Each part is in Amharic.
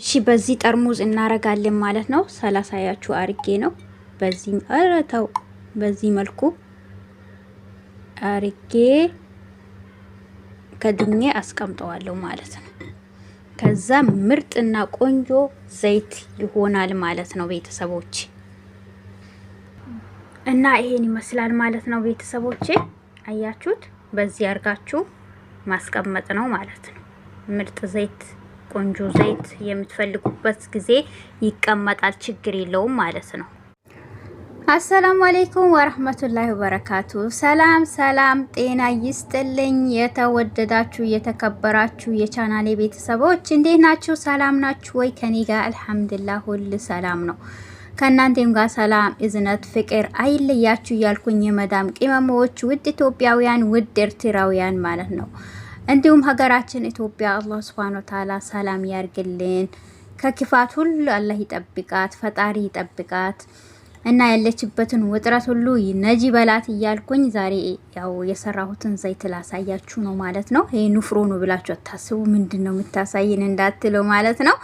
እሺ በዚህ ጠርሙዝ እናረጋለን ማለት ነው። ሳላሳያችሁ አርጌ ነው በዚህ አረተው በዚህ መልኩ አርጌ ከድኜ አስቀምጠዋለሁ ማለት ነው። ከዛ ምርጥና ቆንጆ ዘይት ይሆናል ማለት ነው ቤተሰቦች እና ይሄን ይመስላል ማለት ነው ቤተሰቦቼ። አያችሁት? በዚህ አርጋችሁ ማስቀመጥ ነው ማለት ነው ምርጥ ዘይት ቆንጆ ዘይት የምትፈልጉበት ጊዜ ይቀመጣል፣ ችግር የለውም ማለት ነው። አሰላሙ አሌይኩም ወረህመቱላሂ ወበረካቱ። ሰላም ሰላም፣ ጤና ይስጥልኝ። የተወደዳችሁ የተከበራችሁ የቻናሌ ቤተሰቦች እንዴት ናችሁ? ሰላም ናችሁ ወይ? ከኔ ጋር አልሐምድላ ሁል ሰላም ነው። ከእናንተም ጋር ሰላም፣ እዝነት፣ ፍቅር አይለያችሁ እያልኩኝ የመዳም ቅመሞች ውድ ኢትዮጵያውያን፣ ውድ ኤርትራውያን ማለት ነው እንዲሁም ሀገራችን ኢትዮጵያ አላህ ስብሐነ ወተዓላ ሰላም ያርግልን፣ ከክፋት ሁሉ አላህ ይጠብቃት፣ ፈጣሪ ይጠብቃት። እና ያለችበትን ውጥረት ሁሉ ነጂ በላት እያልኩኝ ዛሬ ያው የሰራሁትን ዘይት ላሳያችሁ ነው ማለት ነው። ይሄ ኑፍሮ ነው ብላችሁ አታስቡ። ምንድን ነው የምታሳይን እንዳትለው ማለት ነው።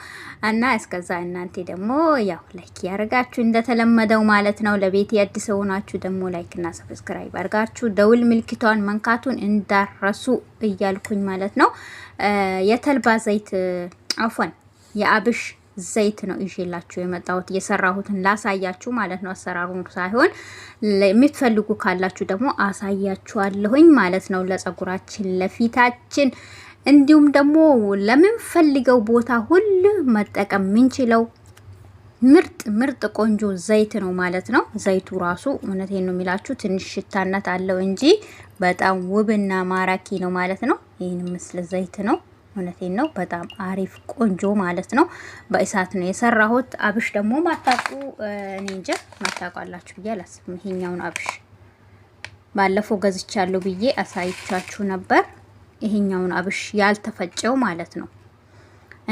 እና እስከዛ እናንተ ደግሞ ያው ላይክ ያደርጋችሁ እንደተለመደው ማለት ነው። ለቤት የአዲስ ሆናችሁ ደግሞ ላይክ እና ሰብስክራይብ አድርጋችሁ ደውል ምልክቷን መንካቱን እንዳረሱ እያልኩኝ ማለት ነው። የተልባ ዘይት አፏን የአብሽ ዘይት ነው ይዤላችሁ የመጣሁት የሰራሁትን ላሳያችሁ ማለት ነው። አሰራሩ ሳይሆን የምትፈልጉ ካላችሁ ደግሞ አሳያችኋለሁኝ ማለት ነው። ለጸጉራችን፣ ለፊታችን እንዲሁም ደግሞ ለምንፈልገው ቦታ ሁሉ መጠቀም ምንችለው ምርጥ ምርጥ ቆንጆ ዘይት ነው ማለት ነው። ዘይቱ ራሱ እውነቴን ነው የሚላችሁ ትንሽ ሽታነት አለው እንጂ በጣም ውብና ማራኪ ነው ማለት ነው። ይህን ምስል ዘይት ነው። እውነቴን ነው። በጣም አሪፍ ቆንጆ ማለት ነው። በእሳት ነው የሰራሁት። አብሽ ደግሞ ማታቁ እኔ እንጃ ማታቋላችሁ ብዬ አላስብም። ይሄኛውን አብሽ ባለፈው ገዝቻለሁ ብዬ አሳይቻችሁ ነበር። ይሄኛውን አብሽ ያልተፈጨው ማለት ነው።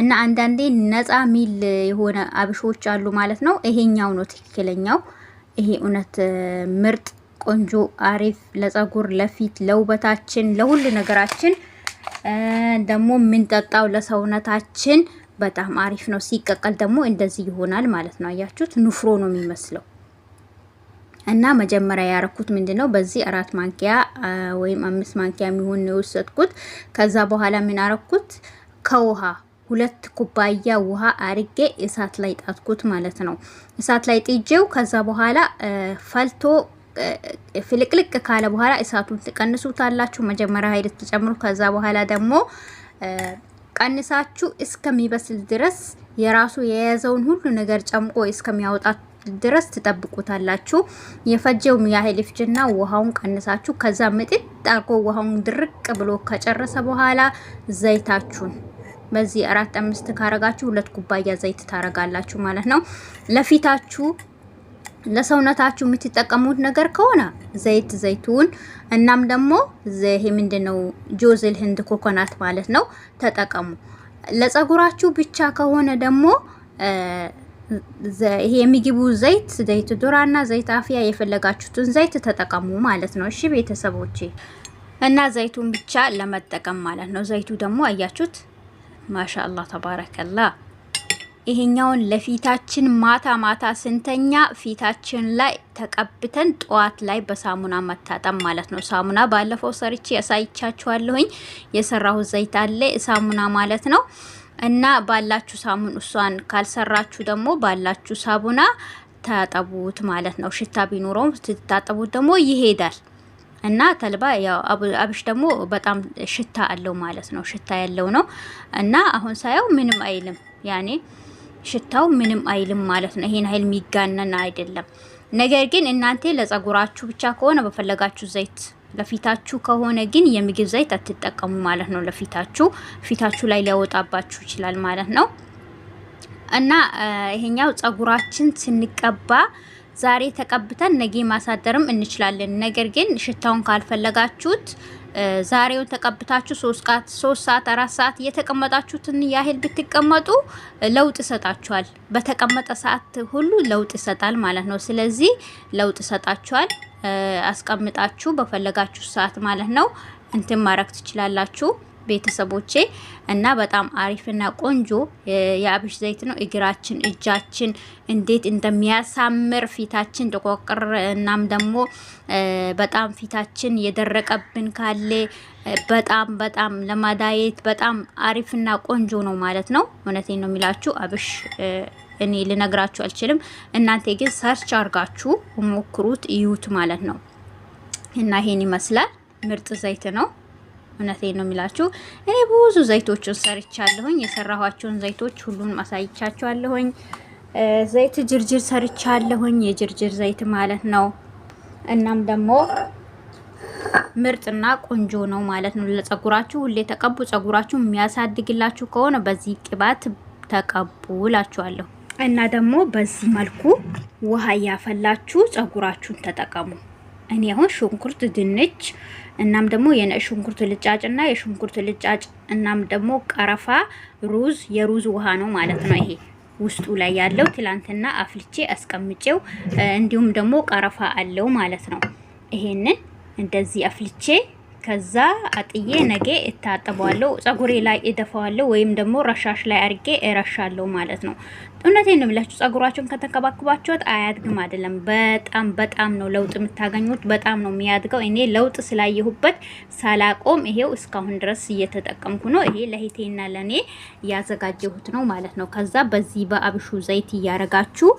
እና አንዳንዴ ነፃ ሚል የሆነ አብሾች አሉ ማለት ነው። ይሄኛው ነው ትክክለኛው። ይሄ እውነት ምርጥ ቆንጆ አሪፍ ለጸጉር፣ ለፊት፣ ለውበታችን፣ ለሁሉ ነገራችን ደግሞ የምንጠጣው ለሰውነታችን በጣም አሪፍ ነው። ሲቀቀል ደግሞ እንደዚህ ይሆናል ማለት ነው። አያችሁት? ንፍሮ ነው የሚመስለው። እና መጀመሪያ ያረኩት ምንድን ነው በዚህ አራት ማንኪያ ወይም አምስት ማንኪያ የሚሆን ነው የወሰድኩት። ከዛ በኋላ ምን አረኩት ከውሃ ሁለት ኩባያ ውሃ አርጌ እሳት ላይ ጣትኩት ማለት ነው። እሳት ላይ ጥጄው ከዛ በኋላ ፈልቶ ፍልቅልቅ ካለ በኋላ እሳቱን ትቀንሱታላችሁ። መጀመሪያ ኃይል ትጨምሩ። ከዛ በኋላ ደግሞ ቀንሳችሁ እስከሚበስል ድረስ የራሱ የያዘውን ሁሉ ነገር ጨምቆ እስከሚያወጣ ድረስ ትጠብቁታላችሁ። የፈጀው ያህል ፍጅና ውሃውን ቀንሳችሁ ከዛ ምጥጥ አርጎ ውሃውን ድርቅ ብሎ ከጨረሰ በኋላ ዘይታችሁን በዚህ አራት አምስት ካረጋችሁ ሁለት ኩባያ ዘይት ታረጋላችሁ ማለት ነው ለፊታችሁ ለሰውነታችሁ የምትጠቀሙት ነገር ከሆነ ዘይት ዘይቱን፣ እናም ደግሞ ይሄ ምንድነው ጆዝል ህንድ ኮኮናት ማለት ነው ተጠቀሙ። ለጸጉራችሁ ብቻ ከሆነ ደግሞ ይሄ የሚግቡ ዘይት ዘይት ዱራና ዘይት አፍያ የፈለጋችሁትን ዘይት ተጠቀሙ ማለት ነው። እሺ ቤተሰቦቼ እና ዘይቱን ብቻ ለመጠቀም ማለት ነው። ዘይቱ ደግሞ አያችሁት፣ ማሻአላህ ተባረከላ ይሄኛውን ለፊታችን ማታ ማታ ስንተኛ ፊታችን ላይ ተቀብተን ጠዋት ላይ በሳሙና መታጠብ ማለት ነው። ሳሙና ባለፈው ሰርቼ ያሳይቻችኋለሁኝ። የሰራሁ ዘይት አለ ሳሙና ማለት ነው። እና ባላችሁ ሳሙን እሷን ካልሰራችሁ ደግሞ ባላችሁ ሳሙና ታጠቡት ማለት ነው። ሽታ ቢኖረውም ስትታጠቡት ደግሞ ይሄዳል። እና ተልባ ያው አብሽ ደግሞ በጣም ሽታ አለው ማለት ነው። ሽታ ያለው ነው እና አሁን ሳየው ምንም አይልም ያኔ ሽታው ምንም አይልም ማለት ነው። ይሄን ኃይል የሚጋነን አይደለም። ነገር ግን እናንተ ለጸጉራችሁ ብቻ ከሆነ በፈለጋችሁ ዘይት፣ ለፊታችሁ ከሆነ ግን የምግብ ዘይት አትጠቀሙ ማለት ነው። ለፊታችሁ ፊታችሁ ላይ ሊያወጣባችሁ ይችላል ማለት ነው። እና ይሄኛው ጸጉራችን ስንቀባ ዛሬ ተቀብተን ነገ ማሳደርም እንችላለን። ነገር ግን ሽታውን ካልፈለጋችሁት ዛሬውን ተቀብታችሁ ሶስት ሰዓት አራት ሰዓት የተቀመጣችሁትን ያህል ብትቀመጡ ለውጥ ይሰጣችኋል። በተቀመጠ ሰዓት ሁሉ ለውጥ ይሰጣል ማለት ነው። ስለዚህ ለውጥ ይሰጣችኋል። አስቀምጣችሁ በፈለጋችሁ ሰዓት ማለት ነው እንትን ማረግ ትችላላችሁ። ቤተሰቦቼ እና በጣም አሪፍና ቆንጆ የአብሽ ዘይት ነው። እግራችን፣ እጃችን እንዴት እንደሚያሳምር ፊታችን ጥቋቅር እናም ደግሞ በጣም ፊታችን የደረቀብን ካለ በጣም በጣም ለማዳየት በጣም አሪፍና ቆንጆ ነው ማለት ነው። እውነቴን ነው የሚላችሁ አብሽ እኔ ልነግራችሁ አልችልም። እናንተ ግን ሰርች አርጋችሁ ሞክሩት፣ እዩት ማለት ነው እና ይሄን ይመስላል ምርጥ ዘይት ነው። እውነቴን ነው የሚላችሁ። እኔ ብዙ ዘይቶችን ሰርቻለሁኝ። የሰራኋቸውን ዘይቶች ሁሉንም አሳይቻችኋለሁኝ። ዘይት ጅርጅር ሰርቻለሁኝ፣ የጅርጅር ዘይት ማለት ነው። እናም ደግሞ ምርጥና ቆንጆ ነው ማለት ነው። ለጸጉራችሁ ሁሌ ተቀቡ። ጸጉራችሁ የሚያሳድግላችሁ ከሆነ በዚህ ቅባት ተቀቡ እላችኋለሁ። እና ደግሞ በዚህ መልኩ ውሃ እያፈላችሁ ጸጉራችሁን ተጠቀሙ። እኔ አሁን ሽንኩርት፣ ድንች እናም ደግሞ የነጭ ሽንኩርት ልጫጭ እና የሽንኩርት ልጫጭ እናም ደግሞ ቀረፋ፣ ሩዝ የሩዝ ውሃ ነው ማለት ነው ይሄ ውስጡ ላይ ያለው ትላንትና አፍልቼ አስቀምጬው እንዲሁም ደግሞ ቀረፋ አለው ማለት ነው። ይሄንን እንደዚህ አፍልቼ ከዛ አጥዬ ነገ እታጠበዋለሁ፣ ጸጉሬ ላይ እደፋዋለሁ፣ ወይም ደግሞ ረሻሽ ላይ አድርጌ እረሻለሁ ማለት ነው። እውነቴን ነው የምላችሁ፣ ጸጉራችሁን ከተንከባከባችሁት አያድግም አይደለም። በጣም በጣም ነው ለውጥ የምታገኙት፣ በጣም ነው የሚያድገው። እኔ ለውጥ ስላየሁበት ሳላቆም ይሄው እስካሁን ድረስ እየተጠቀምኩ ነው። ይሄ ለሂቴና ለእኔ ያዘጋጀሁት ነው ማለት ነው። ከዛ በዚህ በአብሹ ዘይት እያረጋችሁ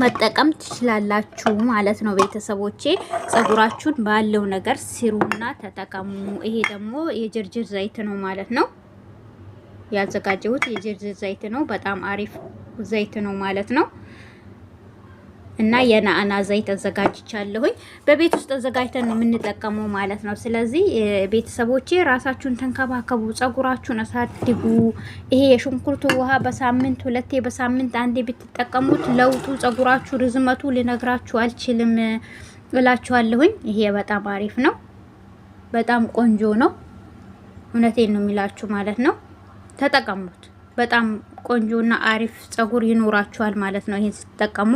መጠቀም ትችላላችሁ ማለት ነው ቤተሰቦቼ። ጸጉራችሁን ባለው ነገር ሲሩና ተጠቀሙ። ይሄ ደግሞ የጅርጅር ዘይት ነው ማለት ነው። ያዘጋጀሁት የጅርጅር ዘይት ነው። በጣም አሪፍ ዘይት ነው ማለት ነው። እና የናአና ዘይት አዘጋጅቻለሁኝ። በቤት ውስጥ አዘጋጅተን ነው የምንጠቀመው ማለት ነው። ስለዚህ ቤተሰቦቼ ራሳችሁን ተንከባከቡ፣ ጸጉራችሁን አሳድጉ። ይሄ የሽንኩርቱ ውሃ በሳምንት ሁለቴ፣ በሳምንት አንዴ ብትጠቀሙት ለውጡ ጸጉራችሁ ርዝመቱ ልነግራችሁ አልችልም እላችኋለሁኝ። ይሄ በጣም አሪፍ ነው፣ በጣም ቆንጆ ነው። እውነቴን ነው የሚላችሁ ማለት ነው። ተጠቀሙት። በጣም ቆንጆና አሪፍ ጸጉር ይኖራችኋል ማለት ነው ይሄን ስትጠቀሙ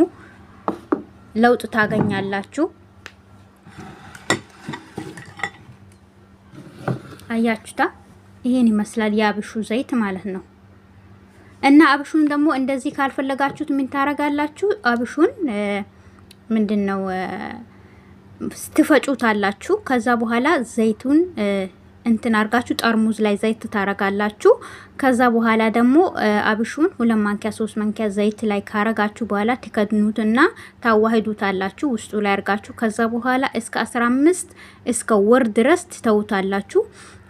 ለውጥ ታገኛላችሁ። አያችሁታ? ይሄን ይመስላል የአብሹ ዘይት ማለት ነው። እና አብሹን ደግሞ እንደዚህ ካልፈለጋችሁት ምን ታረጋላችሁ? አብሹን ምንድን ነው ትፈጩታላችሁ። ከዛ በኋላ ዘይቱን እንትን አርጋችሁ ጠርሙዝ ላይ ዘይት ታረጋላችሁ። ከዛ በኋላ ደግሞ አብሹን ሁለት ማንኪያ ሶስት ማንኪያ ዘይት ላይ ካረጋችሁ በኋላ ትከድኑትና ታዋህዱታላችሁ ውስጡ ላይ አርጋችሁ ከዛ በኋላ እስከ 15 እስከ ወር ድረስ ትተውታላችሁ።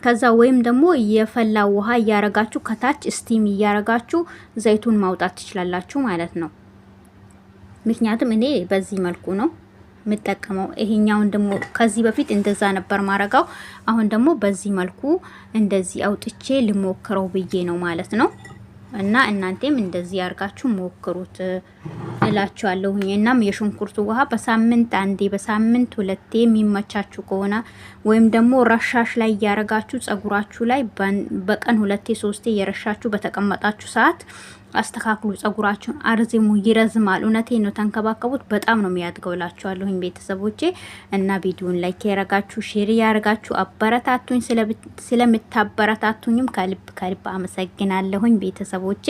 ከዛ ወይም ደግሞ የፈላ ውሃ እያረጋችሁ ከታች ስቲም እያረጋችሁ ዘይቱን ማውጣት ትችላላችሁ ማለት ነው። ምክንያቱም እኔ በዚህ መልኩ ነው የምጠቀመው። ይሄኛውን ደግሞ ከዚህ በፊት እንደዛ ነበር ማረጋው። አሁን ደግሞ በዚህ መልኩ እንደዚህ አውጥቼ ልሞክረው ብዬ ነው ማለት ነው። እና እናንተም እንደዚህ አርጋችሁ ሞክሩት እላችኋለሁ። እናም የሽንኩርቱ ውሃ በሳምንት አንዴ፣ በሳምንት ሁለቴ የሚመቻችሁ ከሆነ ወይም ደግሞ ረሻሽ ላይ እያረጋችሁ ጸጉራችሁ ላይ በቀን ሁለቴ ሶስቴ የረሻችሁ በተቀመጣችሁ ሰዓት አስተካክሉ፣ ጸጉራችሁን አርዝሙ፣ ይረዝማል። እውነቴ ነው፣ ተንከባከቡት። በጣም ነው የሚያድገው ላችኋለሁኝ ቤተሰቦቼ እና ቪዲዮን ላይክ ያረጋችሁ ሼር ያረጋችሁ አበረታቱኝ። ስለምታበረታቱኝም ከልብ ከልብ አመሰግናለሁኝ ቤተሰቦቼ።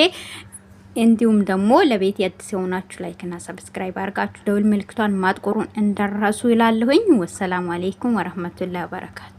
እንዲሁም ደግሞ ለቤት የአዲስ የሆናችሁ ላይክና ሰብስክራይብ አርጋችሁ ደውል ምልክቷን ማጥቆሩን እንደራሱ ይላለሁኝ። ወሰላሙ አሌይኩም ወረህመቱላሂ ወበረካቱ